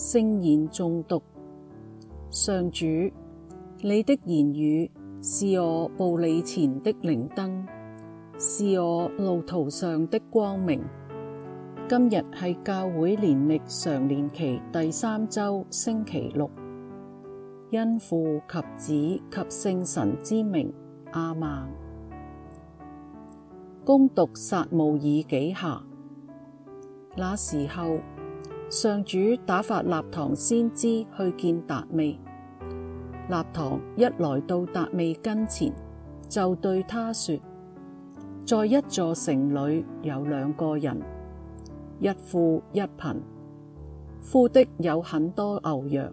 聖言誦讀。上主，你的言語是我步履前的靈燈，是我路途上的光明。今日係教會年曆常年期第三周星期六，因父及子及聖神之名，阿孟。恭讀撒慕爾紀下，那時候。上主打發納堂先知去見達味。納堂一來到達味跟前，就對他說：在一座城裏有兩個人，一富一貧。富的有很多牛羊，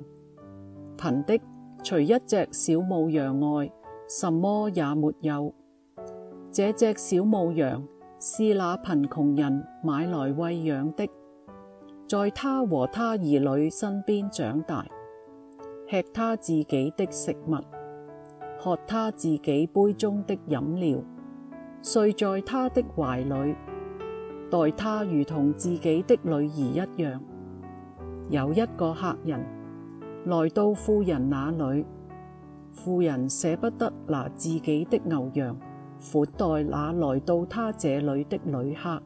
貧的除一隻小母羊外，什麼也沒有。這隻小母羊是那貧窮人買來餵養的。在他和他兒女身邊長大，吃他自己的食物，喝他自己杯中的飲料，睡在他的懷裡，待他如同自己的女兒一樣。有一個客人，來到富人那裡，富人捨不得拿自己的牛羊，款待那來到他這裡的旅客。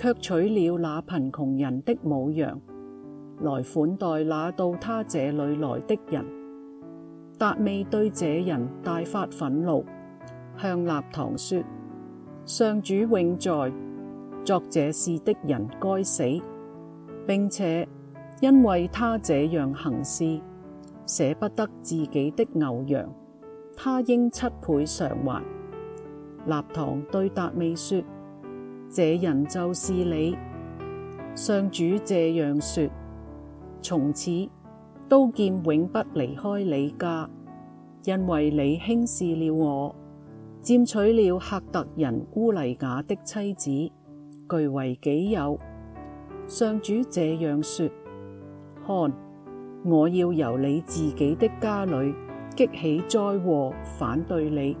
卻取了那貧窮人的母羊來款待那到他這裏來的人，達味對這人大發忿怒，向納堂說：上主永在，作這事的人該死，並且因為他這樣行事，捨不得自己的牛羊，他應七倍償還。納堂對達味說。這人就是你，上主這樣說。從此，刀劍永不離開你家，因為你輕視了我，佔取了赫特人烏黎雅的妻子，據為己有。上主這樣說：看，我要由你自己的家裏激起災禍反對你，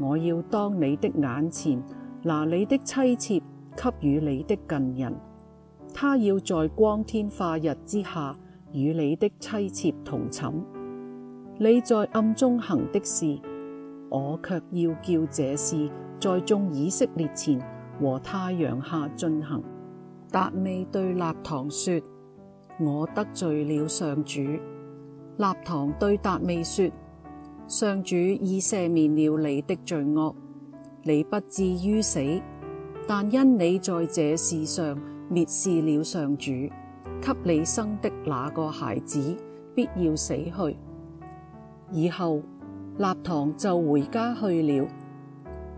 我要當你的眼前。拿你的妻妾給予你的近人，他要在光天化日之下與你的妻妾同寢。你在暗中行的事，我卻要叫這事在眾以色列前和太陽下進行。達味對納堂說：我得罪了上主。納堂對達味說：上主已赦免了你的罪惡。你不致於死，但因你在這事上蔑視了上主，給你生的那個孩子必要死去。以後，納堂就回家去了。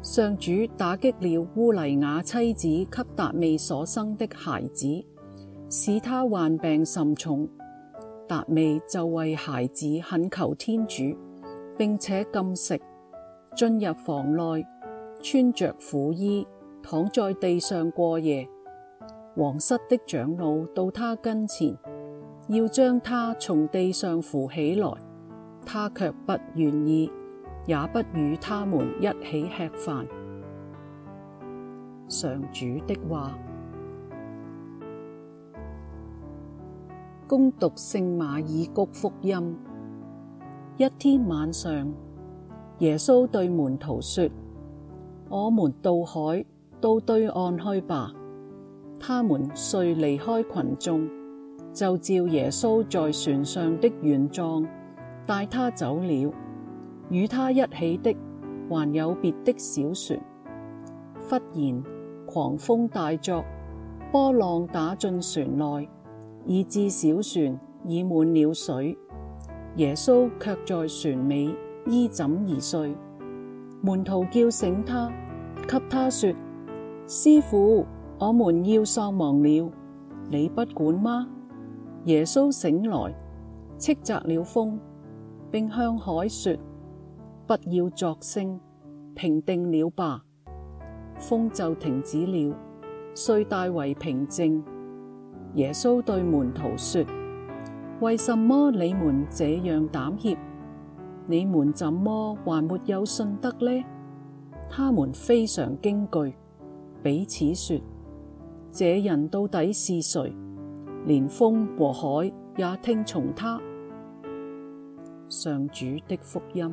上主打擊了烏黎雅妻子給達味所生的孩子，使他患病甚重。達味就為孩子懇求天主，並且禁食，進入房內。穿著苦衣，躺在地上過夜。皇室的長老到他跟前，要將他從地上扶起來，他卻不願意，也不與他們一起吃飯。我們渡海，到對岸去吧。他們遂離開群眾，就照耶穌在船上的原狀帶他走了。與他一起的，還有別的小船。忽然狂風大作，波浪打進船內，以致小船已滿了水。耶穌卻在船尾依枕而睡。門徒叫醒他，給他說：師傅，我們要喪亡了，你不管嗎？耶穌醒來，斥責了風，並向海說：不要作聲，平定了吧。風就停止了，遂大為平靜。耶穌對門徒說：為什麼你們這樣膽怯？你們怎麼還沒有信德呢？他們非常驚懼，彼此說：這人到底是誰？連風和海也聽從他。上主的福音。